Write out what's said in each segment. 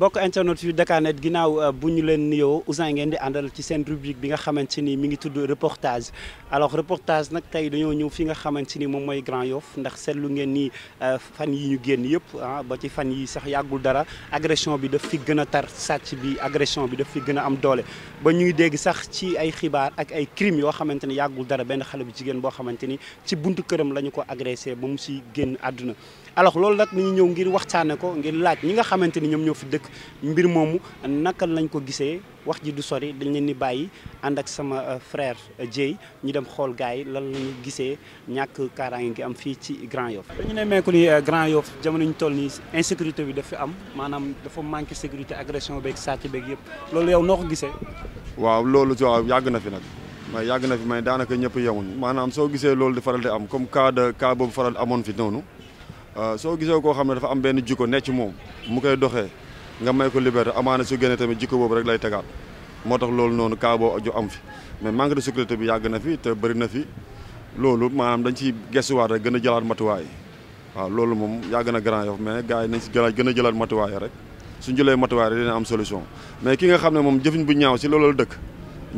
bokk internet yu Dakarnet ginnaaw euh, bu ñu leen nuyoo Ouzin ngeen di àndal ci seen rubrique bi nga xamante ni mu ngi tudd reportage alors reportage nag tey dañoo ñëw fi nga xamante ni moom mooy Grand Yoff ndax seetlu ngeen nii euh, fan yi ñu génn yëpp ah ba ci fan yi sax yàggul dara agression bi daf fi gën a tar sàcc bi agression bi daf fi gën a am doole ba ñuy dégg sax ci ay xibaar ak ay crime yoo xamante ni yàggul dara benn xale bu jigéen boo xamante ni ci buntu këram la ñu ko agressé ba mu si génn àdduna alors loolu nag ni ñu ñëw ngir waxtaane ko ngir laaj ñi nga xamante ni ñoom ñoo fi dëkk mbir moomu naka lañ ko gisee wax ji du sori dañ leen di bàyyi ànd sama euh, frère euh, Dieye ñu dem xool gars yi lan lañu gisee ñàkk kaaraange gi am fii ci Grand Yoff dañu ne meeku ni euh, Grand Yoff jamono nii insécurité bi dafa am maanaam dafa manqué sécurité agression beeg sàcc beeg yëpp loolu yow noo ko gisee waaw loolu si waaw yàgg na fi nag may yàgg na fi may daanaka ñëpp yemuñu maanaam soo gisee loolu di faral di am comme cas de boobu faral amoon fi noonu Euh, soo gisee koo xam ne dafa am benn jikko ne ci moom mu koy doxee nga may ko liberté amaana su génnee tamit jikko boobu rek lay tegaat moo tax loolu noonu kaaboo boobu am fi mais manque de sécurité bi yàgg na fi te bëri na fi loolu maanaam dañ ciy gestuwaat rek gën a jëlaat matuwaay waaw loolu moom yàgg na Grand Yoff mais gars yi nañ si gën a jëlaat matuwaay rek su jëlee matuwaay rek dina am solution mais ki nga xam ne moom jëfiñ bu ñaaw si loolu dëkk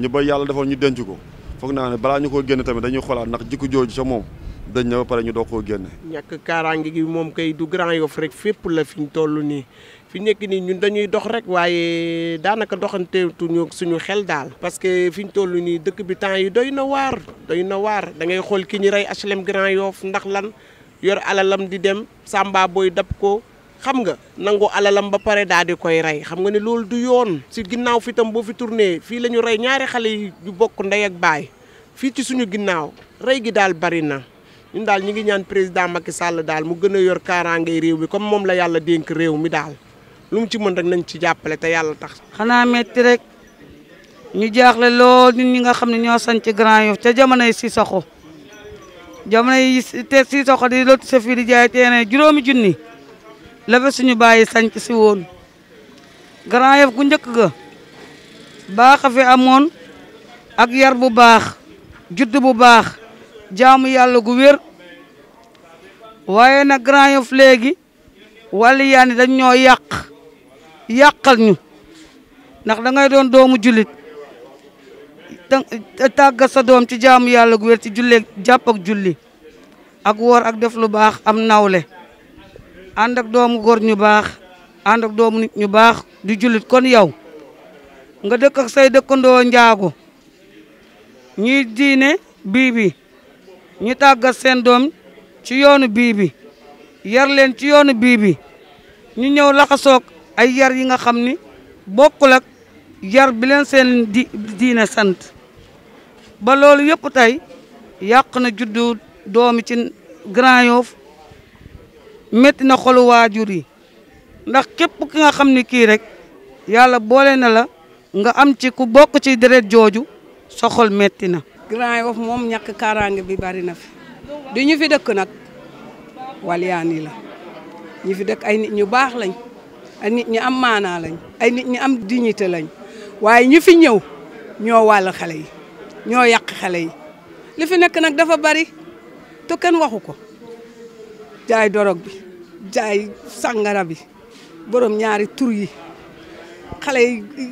ñu ba yàlla defoon ñu denc ko foog naa ne balaa ñu ko génn tamit dañuy xoolaat ndax jikko jooju sa dañ na ba pare ñu doo ko génne. ñàkk kaaraange gi moom kay du Grand Yoff rek fépp la fi ñu toll nii fi nekk nii ñun dañuy dox rek waaye daanaka doxanteetuñu suñu xel daal. parce que fi ñu toll nii dëkk bi temps yi doy na waar doy na waar dangay xool ki ñu rey HLM Grand Yoff ndax lan yor alalam di dem Samba booy dab ko. xam nga nangu alalam ba pare daal di koy rey xam nga ne loolu du yoon si ginnaaw fi tam boo fi tournée fii la ñu rey ñaari xale yu bokk ndey ak baay fii ci suñu ginnaaw rey gi daal bari na ñun daal ñi ngi ñaan président Macky Sall daal mu gën a yor kaaraangay réew mi comme moom la yàlla dénk réew mi daal lu ci mën rek nañu ci jàppale te yàlla tax. xanaa metti rek ñu jaaxle lool nit ñi nga xam ne ñoo sanc Grand Yoff ca jamonoy Sissoko jamono yi te Sissoko di lotu sa di jaay teene juróomi junni la fa suñu bàyyi sanc si woon Grand Yoff gu njëkk ga baax a fi amoon ak yar bu baax judd bu baax. jaamu yàlla gu wér waaye nag Grand Yoff léegi wàllu yaani dañ ñoo yàq yàqal ñu ndax da ngay doon doomu julit tàggat sa doom ci jaamu yàlla gu wér ci jullee jàpp ak julli ak woor ak def lu baax am nawle ànd ak doomu góor ñu baax ànd ak doomu nit baax du jullit kon yow nga dëkk ak say dëkkandoo njaago ñuy diine bii ñu tàggat seen doom ci yoonu bii bi yar leen ci yoonu bii bi ñu ñëw laxasoog ay yar yi nga xam ni bokkul ak yar bi leen seen di diine sant ba loolu yëpp tey yàq na juddu doom ci Grand Yoff métti na xolu waajur yi ndax képp ki nga xam ni kii rek yàlla boole na la nga am ci ku bokk ci deret jooju soxol metti na Grand Yoff moom ñàkk kaaraange bi bari na fi du ñu fi dëkk nag walyaan la ñu fi dëkk ay nit ñu baax lañ ay nit ñi am maanaa lañ ay nit ñu am dignité lañ waaye ñu fi ñëw ñoo wàll xale yi ñoo yàq xale yi li fi nekk nag dafa bari te waxu ko jaay dorog bi jaay sàngara bi borom ñaari tur yi xale yi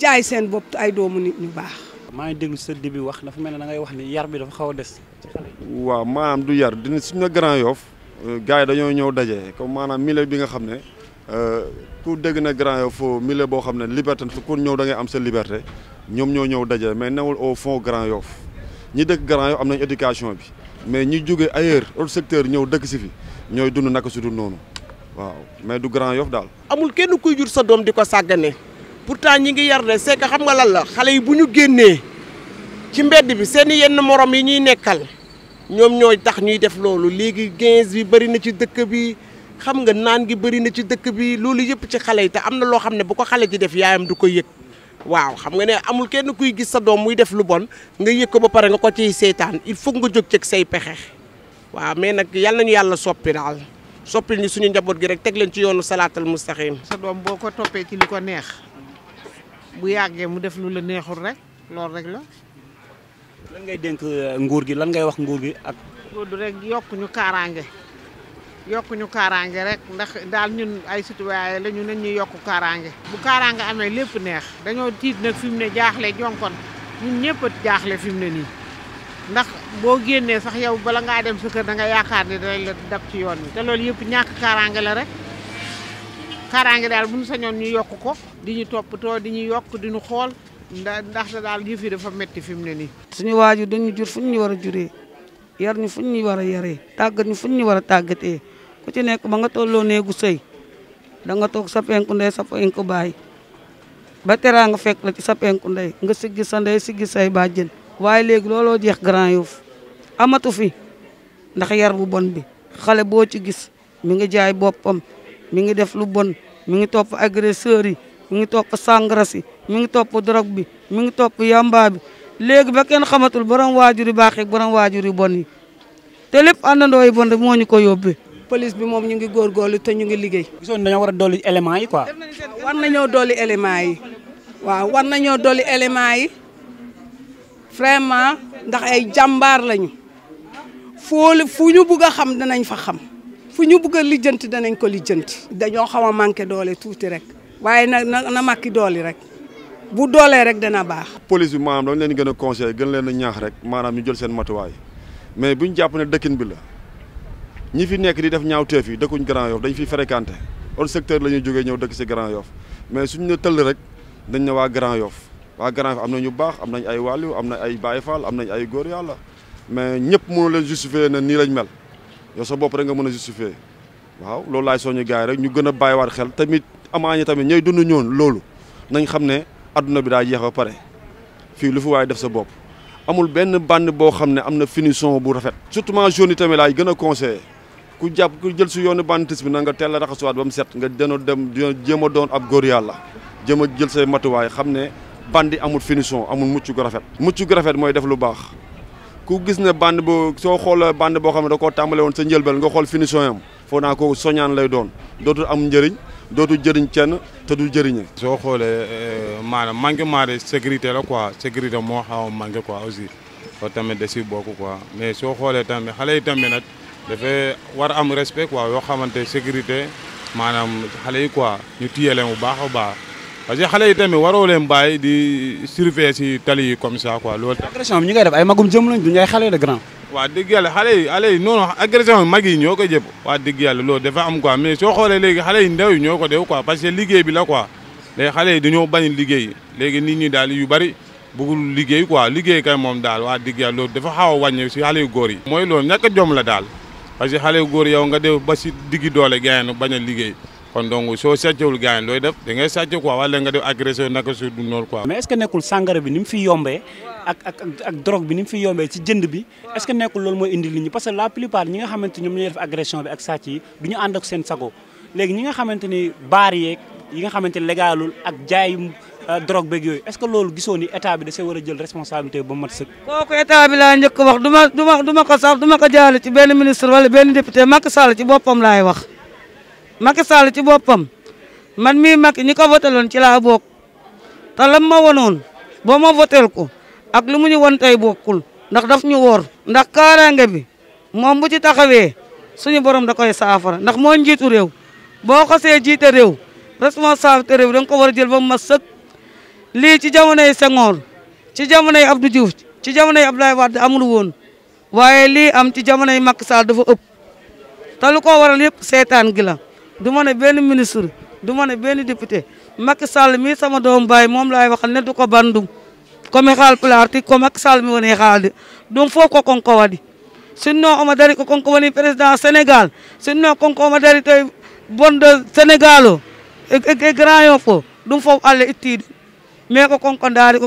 jaay seen bopp ay doomu nit ñu baax maa ngi déglu sa début wax dafa mel ne da ngay wax ni yar bi dafa xaw a des. waaw maanaam du yar dina suñu na Grand Yoff euh, gars yi dañoo ñëw daje ko maanaam mile bi nga xam ne euh, ku dégg na Grand Yoff milieu boo xam ne liberté ku ñëw da am sa liberté ñoom ñoo ñëw daje mais newul au fond Grand Yoff ñi dëkk Grand Yoff am nañ éducation bi mais ñi jóge ailleurs autre secteur ñëw dëkk si fi ñooy dund naka su dul noonu waaw mais du Grand Yoff daal. amul kenn sa doom di ko sàggane. pourtant ñi ngi yar de c'est xam nga lan la xale yi bu ñu génnee ci mbedd bi seen yenn morom yi ñuy nekkal ñoom ñoo tax ñuy def loolu léegi gains bi bëri na ci dëkk bi xam nga naan gi bëri na ci dëkk bi loolu yëpp ci xale yi te am na loo xam ne bu ko xale ji def yaayam du ko yëg waaw xam nga ne amul kenn kuy gis sa doom muy def lu bon nga yëg ko ba pare nga ko ciy seetaan il faut nga jóg ceeg say pexe waaw mais nag yal nañu yàlla soppi daal soppi ñu suñu njaboot gi rek teg leen ci yoonu salaatal mustaqim sa doom boo ko toppee ci li ko neex bu yàggee mu def lu la neexul rek loolu rek la. lan ngay dénk euh, nguur gi lan ngay wax nguur gi ak. nguur rek yokk ñu kaaraange yokk ñu kaaraange rek ndax daal ñun ay citoyen la ñu ne ñuy yokk kaaraange. bu kaaraange amee lépp neex dañoo tiit nag fi mu ne jaaxle jonkon ñun ñëpp a jaaxle fi mu ne nii ndax boo génnee sax yow bala ngaa dem sa kër da nga yaakaar ne danañ la dab ci yoon wi te loolu yëpp ñàkk kaaraange la rek. kaaraange daal bu ñu sañoon ñu yokku ko di ñu toppatoo di ñu yokk di ñu xool ndax daal yëf yi dafa metti fi mu ne nii. suñu waajur dañu jur fu ñu war a juree yar ñu fu ñu war a yaree tàggat ñu fu ñu war a tàggatee ku ci nekk ma nga tolloo néegu sëy da nga toog sa penku ndey sa penku baay ba teraa nga fekk la ci sa penku ndey nga siggi sa ndey siggi say bàjjen waaye léegi looloo jeex Grand Yoff amatu fi ndax yar bu bon bi xale boo ci gis mi ngi jaay boppam. mi ngi def lu bon mi ngi topp agresseurs yi mi ngi topp sangara si mi ngi topp drogue bi mi ngi topp yamba bi léegi ba kenn xamatul borom waajur yu baax ak waajur yu bon yi te lépp àndandoo yi bon rek moo ñu ko yóbbee. police bi moom ñu ngi góorgóorlu te ñu ngi liggéey. gisoon dañoo war a dolli éléments yi quoi. war nañoo dolli éléments yi waaw war nañoo dolli éléments yi vraiment ndax ay jàmbaar lañu foo fu ñu bugg xam danañ fa xam. fu ñu bëgg a lijjanti danañ ko lijjanti. dañoo xaw a manqué doole tuuti rek waaye nag na na makki doole rek bu doolee rek dana baax. police bi maanaam dañ leen gën a conseillé gën leen a ñaax rek maanaam ñu jël seen matuwaay mais bu ñu jàpp ne dëkkin bi la ñi fi nekk di def ñaawteef yi dëkkuñ Grand Yoff dañ fi fréquenté hors secteur la ñuy jógee ñëw dëkk si Grand Yoff mais suñ ne tëll rek dañ ne waa Grand Yoff waa Grand Yoff am na ñu baax am nañ ay wàllu am na ay baay Fall am nañ ay góor yàlla mais ñëpp mënu leen justifier na nii lañ mel. yow sa bopp rek nga mën a justifier waaw loolu laay soññu gars yi rek ñu gën a bàyyiwaat xel tamit amaañi tamit ñooy dund ñoon loolu nañ xam ne àdduna bi daa jeex ba pare fii lu fi waaye def sa bopp amul benn bande boo xam ne am na finition bu rafet surtout jeunes yi tamit laay gën a conseillé ku jàpp ku jël si yoonu banditis bi na nga teel a raxasuwaat ba mu set nga deno dem jéem a doon ab góor yàlla jëm a jël say matuwaay xam ne bandi amul finition amul mucc gu rafet mucc gu rafet mooy def lu baax ku gis ne bande bu soo xool bande boo xam ne da koo tàmbale woon sa njëlbel nga xool finition yam foog naa kooku soñaan lay doon dootul am njëriñ dootul jëriñ kenn te du jëriñe soo xoolee euh, maanaam manquement de sécurité la quoi sécurité moo xaw a manqué quoi aussi loolu tamit da si bokk quoi mais soo xoolee tamit xale yi tamit nag dafay war a am respect quoi yoo xamante sécurité maanaam xale yi quoi ñu téye leen bu baax a baax parce que xale yi tamit waroo leen bàyyi di surveiller si tali yi comme ça quoi loolu. agression bi ñi ngay def ay magum jëm lañ duñu ay xale de grand. waa dëgg yàlla xale yi xale yi noonu agression bi mag yi ñoo ko jëpp. waa dëgg yàlla loo dafa am quoi mais soo xoolee léegi xale yi ndaw ñoo ko def quoi parce que liggéey bi la quoi léegi xale yi dañoo bañ liggéey léegi nit ñi daal yu bari bëggul liggéey quoi liggéey kay moom daal waa dëgg yàlla loolu dafa xaw a wàññi si xale yu góor yi. mooy loo ñàkk jom la daal parce que xale yu góor yow nga def ba si diggi doole gaay bañ a liggéey kon donc soo sàccewul gars looy def da ngay sàcce quoi nga def agression naka su du noonu quoi. mais nekkul sàngara bi ni mu fi yombee ak drogue bi ni mu fi yombee ci jënd bi est nekkul loolu mooy indi li ñu parce que la ñi nga xamante ñoom ñooy def agression bi ak sàcc du ñu ànd ak seen sago léegi ñi nga xamante baar yeeg yi nga xamante ni ak jaay euh, drogue beeg yooyu est loolu gisoo ni bi da see war a jël responsabilité Macky Sall ci boppam man mii Macky ñi ko voteloon ci laa bokk te lam ma wonoon boo ma votel ko ak lu mu ñu won tey bokkul ndax daf ñu woor ndax kaaraange bi moom bu ci taxawee suñu borom da koy saafara ndax moo njiitu réew boo xasee jiite réew responsabilité réew da nga ko war a jël ba mu ma sëkk lii ci jamonoy Senghor ci jamonoy Abdou Diouf ci jamonoy Abdoulaye Wade amul woon waaye lii am ci jamonoy Macky Sall dafa ëpp te ko waral yëpp seetaan gi du ma ne benn ministre du ma ne benn député Macky sama doom baay moom laay waxal ne bandum komi haal pulaar ti ko Macky mi woni haalde ɗum fof ko konko waɗi sinno dari ko konko woni président sénégal sinno konko omo dari to bonɗo sénégal o e, e, e grand yo fo ɗum fof allah itti ɗum mais ko konko daari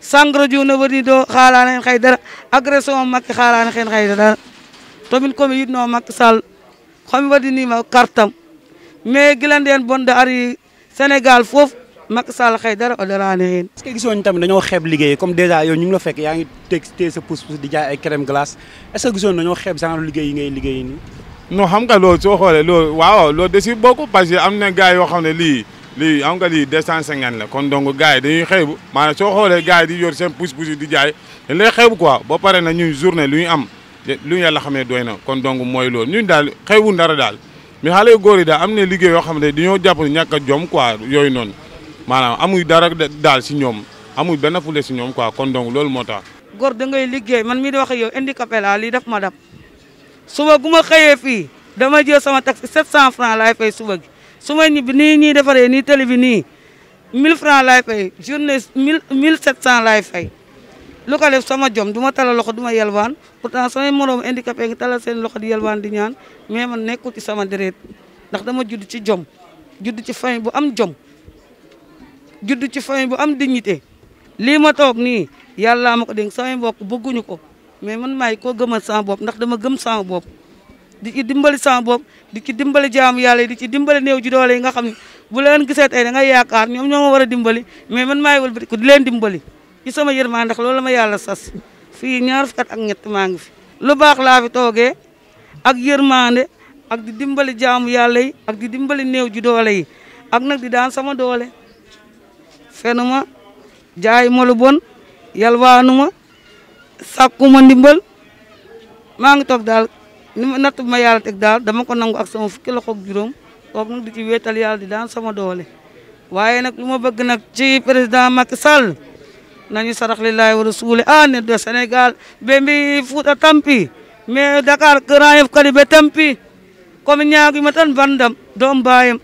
sangro juuna woni ɗo haalani hen haydara agression o makko haalani hen haydara tomin komi yiɗno makko sall komi waɗinima cartam mais guila nden bonde ari sénégal foof Macky Sall xëy dara o daraane xeen est-ce que gisoon tamit dañoo xeeb liggéey comme déjà yow ñu ngi la fekk yaa ngi teg tey sa pousse-pousse di jaay ay crème glace est-ce que liggéey yi ngay liggéey nii xam nga loolu soo xoolee loolu waaw loolu da si bokk am na yoo xam ne lii lii am nga lii deux cent cinquante la kon donc gars yi dañuy xeebu maanaam soo xoolee gars yi di yor seen pousse pousse di jaay dañ lay xeebu quoi ba na ñun journée lu ñu am lu ñu yàlla xamee doy na kon donc mooy loolu ñu daal xeebu dara daal mais xale yu góor yi daal am na liggéey yoo xam ne dañoo jàpp ñàkk a jom quoi yooyu noonu maanaam amuy dara daal si ñoom amuy benn fule si ñoom quoi kon donc loolu moo tax. góor da ngay liggéey man mii di wax ak yow a laa lii daf ma dab suba gu ma xëyee fii dama jël sama taxi 700 francs laay fay suba gi su may ñibbi nii ñii defaree nii télé bi nii 1000 francs laay fay journée 1000 1700 laay fay. lu ko def sama jom du ma talal loxo du ma yelwaan pourtant samay moroom handicapé ngi talal seen loxo di yelwaan di ñaan mais man nekkul ci sama deret ndax dama judd ci jom judd ci famille bu am jom judd ci famille bu am dignité lii ma toog nii yàlla ma ko dénk samay mbokk bëgguñu ko mais man maay koo gëmal sama bopp ndax dama gëm sama bopp. di dimbali sama bopp di ci dimbali jaamu yàlla di ci dimbali néew ji doole yi nga xam ne bu leen gisee tey da ngay yaakaar ñoom ñoo ma war a dimbali mais man maay wëlbati ko di leen dimbali ci sama yërmaa ndax loolu la ma yàlla sas fii ñaar fukki at ak ñett maa ngi fi lu baax laa fi toogee ak yërmaande ak di dimbali jaamu yàlla yi ak di dimbali néew ji doole yi ak nag di daan sama doole fenuma jaay ma lu bon yalwaanu ma sàkku ma ndimbal maa ngi toog ni ma natt ma yàlla teg daal dama ko nangu ak sama fukki loxo ak juróom toog nag di ci wéetal yàlla di daan sama doole waaye nag lu ma bëgg nag ci président Macky Sall nañu sarax lillahi wa rasuli a ne do Sénégal be mbi Fuuta tampi mais Dakar Grand Yoff kadi ɓe tampi komi ñaagima tan bandam doom mbayam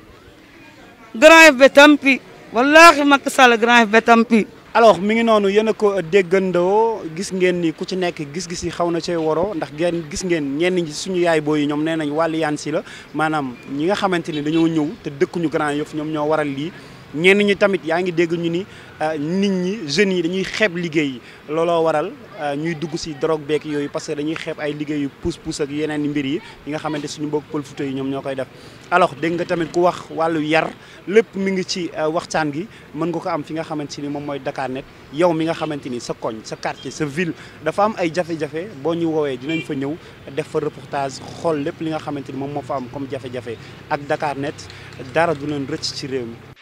Grand Yoff ɓe tampi wallahi Macky Sall Grand Yoff ɓe tampi alors mi ngi noonu yéen a ko déggandoo gis ngeen ni ku ci nekk gis-gis yi xaw na cee waroo ndax ngeen gis ngeen ñenn ñi suñu yaay booy yi ñoom nee nañu wàllu yaan si la maanaam ñi nga xamante ni dañoo ñëw te dëkkuñu Grand Yoff ñoom ñoo waral lii ñenn ñi tamit yaa ngi dégg ñu ni euh, nit ñi jeunes yi dañuy xeeb liggéey yi looloo waral euh, ñuy dugg si doroog beek yooyu parce que dañuy xeeb ay liggéey yu pousse-pousse ak yeneen mbir yi yi nga xamante suñu mbokk pël Fuuta yi ñoom koy def alors dégg nga tamit ku wax wàllu yar lépp mi ngi ci euh, waxtaan gi mën nga ko am fi nga xamante ni moom mooy Dakarnet yow mi nga xamante ni sa koñ sa quartier sa ville dafa am ay jafe-jafe boo ñu woowee dinañ fa ñëw def fa reportage xool lépp li nga xamante ni moom moo fa am comme jafe-jafe ak Dakarnet dara du leen rëcc ci réew mi